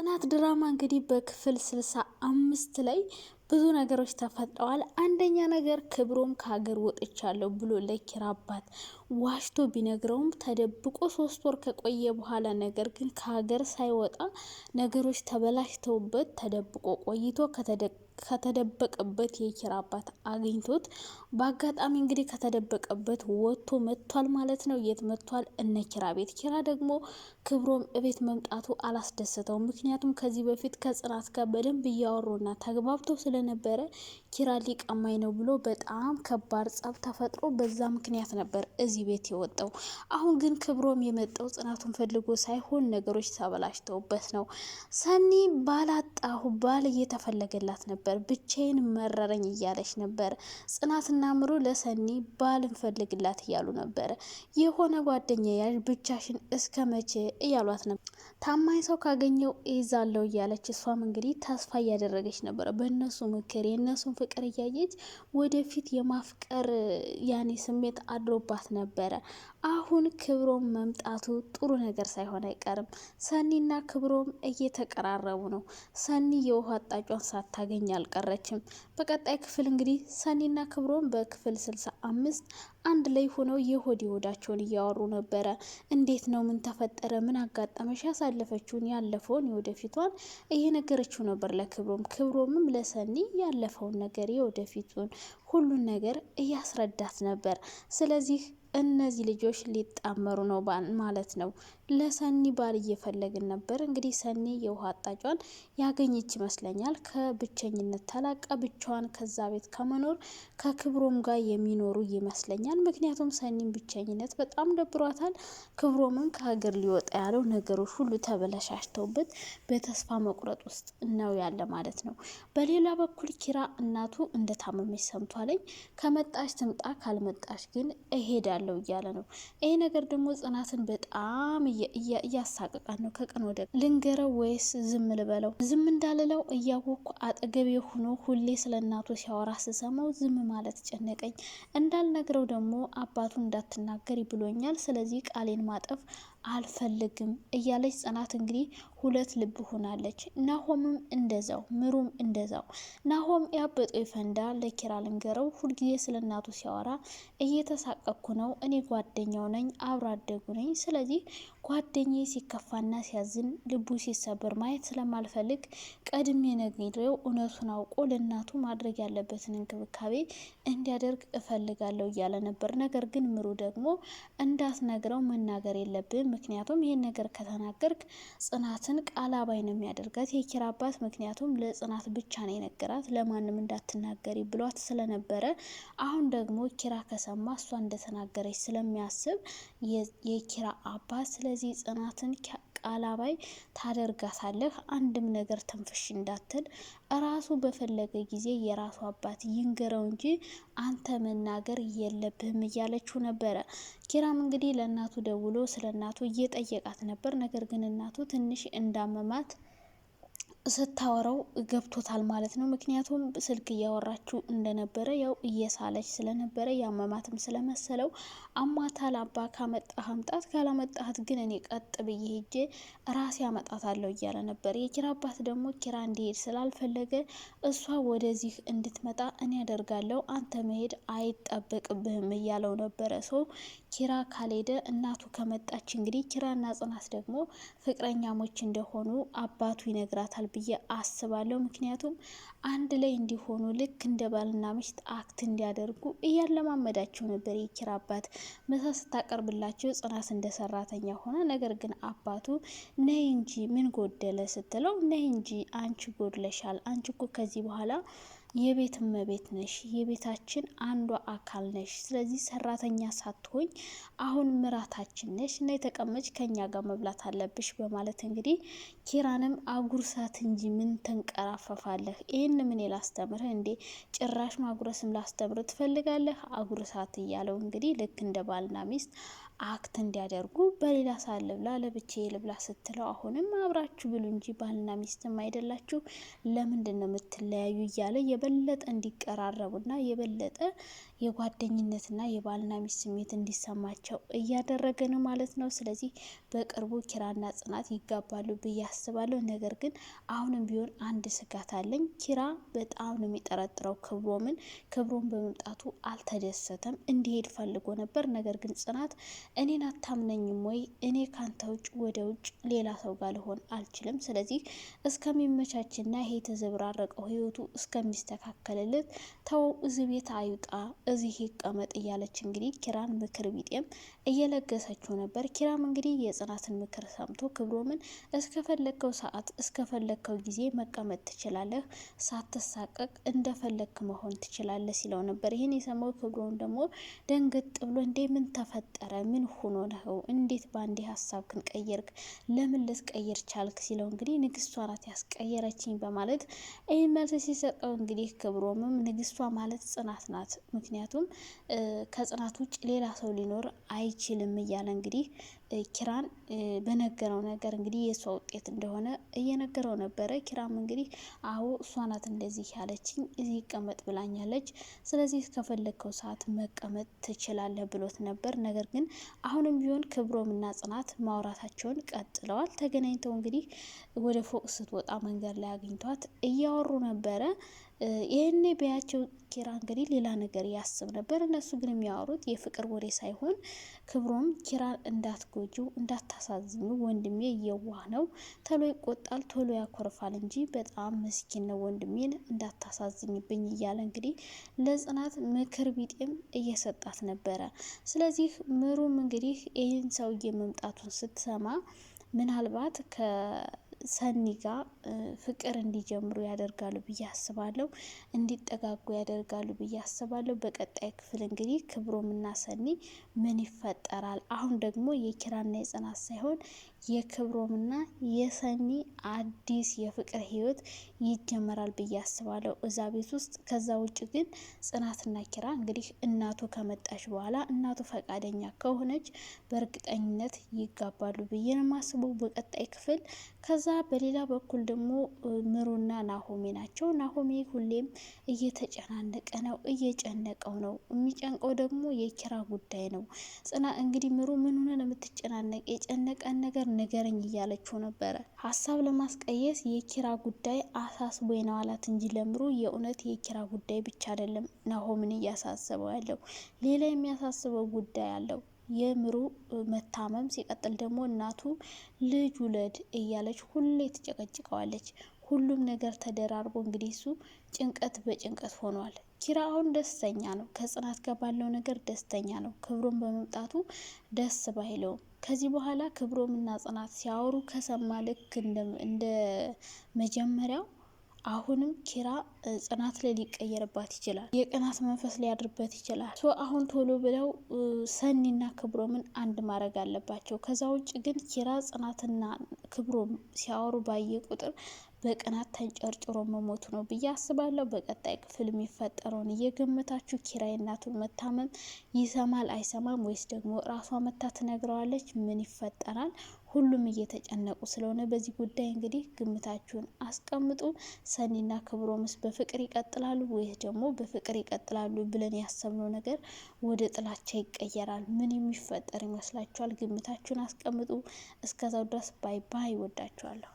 ጽናት ድራማ እንግዲህ በክፍል ስልሳ አምስት ላይ ብዙ ነገሮች ተፈጥረዋል። አንደኛ ነገር ክብሮም ከሀገር ወጥቻለሁ ብሎ ለኪራ አባት ዋሽቶ ቢነግረውም ተደብቆ ሶስት ወር ከቆየ በኋላ ነገር ግን ከሀገር ሳይወጣ ነገሮች ተበላሽተውበት ተደብቆ ቆይቶ ከተደ ከተደበቀበት የኪራ አባት አግኝቶት በአጋጣሚ እንግዲህ ከተደበቀበት ወጥቶ መጥቷል ማለት ነው። የት መጥቷል? እነ ኪራ ቤት። ኪራ ደግሞ ክብሮም እቤት መምጣቱ አላስደሰተው። ምክንያቱም ከዚህ በፊት ከጽናት ጋር በደንብ እያወሩና ተግባብቶ ስለነበረ ኪራ ሊቀማኝ ነው ብሎ በጣም ከባድ ጸብ ተፈጥሮ በዛ ምክንያት ነበር እዚህ ቤት የወጣው። አሁን ግን ክብሮም የመጣው ጽናቱን ፈልጎ ሳይሆን ነገሮች ተበላሽተውበት ነው። ሰኒ ባላጣሁ ባል እየተፈለገላት ነበር ነበር። ብቻዬን መረረኝ እያለች ነበር። ጽናትና ምሩ ለሰኒ ባል እንፈልግላት እያሉ ነበር። የሆነ ጓደኛ ያዥ ብቻሽን እስከ መቼ እያሏት ነበር። ታማኝ ሰው ካገኘው እይዛለሁ እያለች እሷም እንግዲህ ተስፋ እያደረገች ነበረ በእነሱ ምክር የእነሱን ፍቅር እያየች ወደፊት የማፍቀር ያኔ ስሜት አድሮባት ነበረ። አሁን ክብሮም መምጣቱ ጥሩ ነገር ሳይሆን አይቀርም። ሰኒና ክብሮም እየተቀራረቡ ነው። ሰኒ የውሃ አጣጯን ሳታገኝ አልቀረችም። በቀጣይ ክፍል እንግዲህ ሰኒና ክብሮም በክፍል ስልሳ አምስት አንድ ላይ ሆነው የሆድ የሆዳቸውን እያወሩ ነበረ። እንዴት ነው? ምን ተፈጠረ? ምን አጋጠመሽ? ያሳለፈችውን ያለፈውን፣ የወደፊቷን እየነገረችው ነበር ለክብሮም። ክብሮምም ለሰኒ ያለፈውን ነገር፣ የወደፊቱን ሁሉን ነገር እያስረዳት ነበር። ስለዚህ እነዚህ ልጆች ሊጣመሩ ነው ማለት ነው። ለሰኒ ባል እየፈለግን ነበር። እንግዲህ ሰኒ የውሃ አጣጯን ያገኘች ይመስለኛል። ከብቸኝነት ተላቃ ብቻዋን ከዛ ቤት ከመኖር ከክብሮም ጋር የሚኖሩ ይመስለኛል። ምክንያቱም ሰኒን ብቸኝነት በጣም ደብሯታል። ክብሮምን ከሀገር ሊወጣ ያለው ነገሮች ሁሉ ተበለሻሽተውበት በተስፋ መቁረጥ ውስጥ ነው ያለ ማለት ነው። በሌላ በኩል ኪራ እናቱ እንደታመመች ሰምቷለኝ። ከመጣች ትምጣ ካልመጣች ግን እሄዳል ያለው እያለ ነው። ይሄ ነገር ደግሞ ጽናትን በጣም እያሳቅቃት ነው። ከቀን ወደ ልንገረው ወይስ ዝም ልበለው? ዝም እንዳልለው እያወቅኩ አጠገቤ ሆኖ ሁሌ ስለ እናቱ ሲያወራ ስሰማው ዝም ማለት ጨነቀኝ። እንዳልነግረው ደግሞ አባቱ እንዳትናገር ብሎኛል። ስለዚህ ቃሌን ማጠፍ አልፈልግም እያለች ጽናት እንግዲህ ሁለት ልብ ሆናለች። ናሆምም እንደዛው ምሩም እንደዛው። ናሆም ያበጠው ይፈንዳ ለኪራ ልንገረው። ሁልጊዜ ስለ እናቱ ሲያወራ እየተሳቀኩ ነው። እኔ ጓደኛው ነኝ፣ አብሮ አደጉ ነኝ። ስለዚህ ጓደኛዬ ሲከፋና ሲያዝን ልቡ ሲሰበር ማየት ስለማልፈልግ ቀድሜ ነግሬው እውነቱን አውቆ ለእናቱ ማድረግ ያለበትን እንክብካቤ እንዲያደርግ እፈልጋለሁ እያለ ነበር። ነገር ግን ምሩ ደግሞ እንዳትነግረው መናገር የለብም ምክንያቱም ይህን ነገር ከተናገርክ ጽናትን አባይ ነው የሚያደርጋት የኪራ አባት ምክንያቱም ለጽናት ብቻ ነው የነገራት ለማንም እንዳትናገሪ ብሏት ስለነበረ አሁን ደግሞ ኪራ ከሰማ እሷ እንደተናገረች ስለሚያስብ የኪራ አባት ስለ እንደዚህ ጽናትን ቃላባይ ታደርጋታለህ። አንድም ነገር ትንፍሽ እንዳትል እራሱ በፈለገ ጊዜ የራሱ አባት ይንገረው እንጂ አንተ መናገር የለብህም እያለችው ነበረ። ኪራም እንግዲህ ለእናቱ ደውሎ ስለ እናቱ እየጠየቃት ነበር። ነገር ግን እናቱ ትንሽ እንዳመማት ስታወራው ገብቶታል ማለት ነው። ምክንያቱም ስልክ እያወራችው እንደነበረ ያው እየሳለች ስለነበረ ያመማትም ስለመሰለው አማታል አባ ካመጣህ አምጣት፣ ካላመጣህት ግን እኔ ቀጥ ብዬ ሄጄ ራሴ አመጣታለሁ እያለ ነበር። የኪራ አባት ደግሞ ኪራ እንዲሄድ ስላልፈለገ እሷ ወደዚህ እንድትመጣ እኔ ያደርጋለሁ፣ አንተ መሄድ አይጠበቅብህም እያለው ነበረ። ሰው ኪራ ካልሄደ እናቱ ከመጣች እንግዲህ ኪራና ጽናት ደግሞ ፍቅረኛሞች እንደሆኑ አባቱ ይነግራታል። ብዬ አስባለሁ። ምክንያቱም አንድ ላይ እንዲሆኑ ልክ እንደ ባልና ሚስት አክት እንዲያደርጉ እያለማመዳቸው ነበር። የኪራ አባት ምሳ ስታቀርብላቸው ጽናት እንደ ሰራተኛ ሆነ። ነገር ግን አባቱ ነይ እንጂ ምን ጎደለ ስትለው ነይ እንጂ አንቺ ጎድለሻል፣ አንቺ እኮ ከዚህ በኋላ የቤት እመቤት ነሽ፣ የቤታችን አንዷ አካል ነሽ። ስለዚህ ሰራተኛ ሳትሆኝ አሁን ምራታችን ነሽ እና የተቀመጭ ከኛ ጋር መብላት አለብሽ በማለት እንግዲህ ኪራንም አጉርሳት እንጂ ምን ተንቀራፈፋለህ? ይህን ምን ላስተምርህ እንዴ? ጭራሽ ማጉረስም ላስተምር ትፈልጋለህ? አጉርሳት እያለው እንግዲህ ልክ እንደ ባልና ሚስት አክት እንዲያደርጉ በሌላ ሳል ልብላ ለብቻዬ ልብላ ስትለው አሁንም አብራችሁ ብሉ እንጂ ባልና ሚስትም አይደላችሁ ለምንድን ነው የምትለያዩ እያለ የበለጠ እንዲቀራረቡና የበለጠ የጓደኝነትና የባልና ሚስት ስሜት እንዲሰማቸው እያደረገ ነው ማለት ነው። ስለዚህ በቅርቡ ኪራና ጽናት ይጋባሉ ብዬ አስባለሁ። ነገር ግን አሁንም ቢሆን አንድ ስጋት አለኝ። ኪራ በጣም ነው የሚጠረጥረው ክብሮምን። ክብሮም በመምጣቱ አልተደሰተም። እንዲሄድ ፈልጎ ነበር። ነገር ግን ጽናት እኔን አታምነኝም ወይ? እኔ ካንተ ውጭ ወደ ውጭ ሌላ ሰው ጋር ልሆን አልችልም። ስለዚህ እስከሚመቻችና ይሄ የተዘብራረቀው ህይወቱ እስከሚስተካከልለት ተው፣ እዚህ ቤት አይውጣ እዚህ ይቀመጥ እያለች እንግዲህ ኪራን ምክር ቢጤም እየለገሰችው ነበር። ኪራም እንግዲህ የጽናትን ምክር ሰምቶ ክብሮምን እስከፈለግከው ሰዓት እስከፈለግከው ጊዜ መቀመጥ ትችላለህ፣ ሳትሳቀቅ እንደፈለግክ መሆን ትችላለህ ሲለው ነበር። ይህን የሰማው ክብሮም ደግሞ ደንግጥ ብሎ እንዴ ምን ተፈጠረ? ምን ሆኖ ነው? እንዴት በአንዴ ሀሳብክን ቀየርክ? ለምን ልትቀይር ቻልክ? ሲለው እንግዲህ ንግስቷ ናት ያስቀየረችኝ በማለት ይህን መልስ ሲሰጠው እንግዲህ ክብሮምም ንግስቷ ማለት ጽናት ናት ምክንያት ምክንያቱም ከጽናት ውጭ ሌላ ሰው ሊኖር አይችልም እያለ እንግዲህ ኪራን በነገረው ነገር እንግዲህ የእሷ ውጤት እንደሆነ እየነገረው ነበረ። ኪራም እንግዲህ አዎ እሷ ናት እንደዚህ ያለችኝ፣ እዚህ ይቀመጥ ብላኛለች፣ ስለዚህ ከፈለግከው ሰዓት መቀመጥ ትችላለህ ብሎት ነበር። ነገር ግን አሁንም ቢሆን ክብሮምና ጽናት ማውራታቸውን ቀጥለዋል። ተገናኝተው እንግዲህ ወደ ፎቅ ስትወጣ መንገድ ላይ አግኝቷት እያወሩ ነበረ። ይህኔ ቢያቸው ኪራ እንግዲህ ሌላ ነገር ያስብ ነበር። እነሱ ግን የሚያወሩት የፍቅር ወሬ ሳይሆን ክብሮም ኪራን እንዳትጎጁ እንዳታሳዝኙ ወንድሜ የዋህ ነው፣ ቶሎ ይቆጣል፣ ቶሎ ያኮርፋል እንጂ በጣም ምስኪን ነው፣ ወንድሜን እንዳታሳዝኝብኝ እያለ እንግዲህ ለጽናት ምክር ቢጤም እየሰጣት ነበረ። ስለዚህ ምሩም እንግዲህ ይህን ሰውዬ መምጣቱን ስትሰማ ምናልባት ከ ሰኒ ጋር ፍቅር እንዲጀምሩ ያደርጋሉ ብዬ አስባለሁ። እንዲጠጋጉ ያደርጋሉ ብዬ አስባለሁ። በቀጣይ ክፍል እንግዲህ እና ሰኒ ምን ይፈጠራል? አሁን ደግሞ የኪራና የጽናት ሳይሆን የክብሮም እና የሰኒ አዲስ የፍቅር ህይወት ይጀመራል ብዬ አስባለሁ እዛ ቤት ውስጥ። ከዛ ውጭ ግን ጽናትና ኪራ እንግዲህ እናቱ ከመጣች በኋላ እናቱ ፈቃደኛ ከሆነች በእርግጠኝነት ይጋባሉ ብዬ ነው የማስበው በቀጣይ ክፍል። ከዛ በሌላ በኩል ደግሞ ምሩና ናሆሜ ናቸው። ናሆሜ ሁሌም እየተጨናነቀ ነው፣ እየጨነቀው ነው። የሚጨንቀው ደግሞ የኪራ ጉዳይ ነው። ጽና እንግዲህ ምሩ ምን ሆነ ነው የምትጨናነቅ? የጨነቀን ነገር ነገር ንገረኝ እያለችው ነበረ። ሀሳብ ለማስቀየስ የኪራ ጉዳይ አሳስቦ የነዋላት አላት እንጂ ለምሩ የእውነት የኪራ ጉዳይ ብቻ አይደለም ናሆምን እያሳሰበው ያለው ሌላ የሚያሳስበው ጉዳይ አለው። የምሩ መታመም ሲቀጥል ደግሞ እናቱ ልጅ ውለድ እያለች ሁሌ ትጨቀጭቀዋለች። ሁሉም ነገር ተደራርቦ እንግዲህ እሱ ጭንቀት በጭንቀት ሆኗል። ኪራ አሁን ደስተኛ ነው። ከጽናት ጋር ባለው ነገር ደስተኛ ነው። ክብሮም በመምጣቱ ደስ ባይለውም ከዚህ በኋላ ክብሮም እና ጽናት ሲያወሩ ከሰማ ልክ እንደ መጀመሪያው አሁንም ኪራ ጽናት ላይ ሊቀየርባት ይችላል። የቅናት መንፈስ ሊያድርበት ይችላል። ሶ አሁን ቶሎ ብለው ሰኒና ክብሮምን አንድ ማድረግ አለባቸው። ከዛ ውጭ ግን ኪራ ጽናትና ክብሮም ሲያወሩ ባየ ቁጥር በቅናት ተንጨርጭሮ መሞቱ ነው ብዬ አስባለሁ። በቀጣይ ክፍል የሚፈጠረውን እየገመታችሁ ኪራ የእናቱን መታመም ይሰማል አይሰማም፣ ወይስ ደግሞ ራሷ መታ ትነግረዋለች? ምን ይፈጠራል? ሁሉም እየተጨነቁ ስለሆነ በዚህ ጉዳይ እንግዲህ ግምታችሁን አስቀምጡ። ሰኒና ክብሮምስ በፍቅር ይቀጥላሉ ወይስ ደግሞ በፍቅር ይቀጥላሉ ብለን ያሰብነው ነገር ወደ ጥላቻ ይቀየራል? ምን የሚፈጠር ይመስላችኋል? ግምታችሁን አስቀምጡ። እስከዛው ድረስ ባይ ባይ። ወዳችኋለሁ።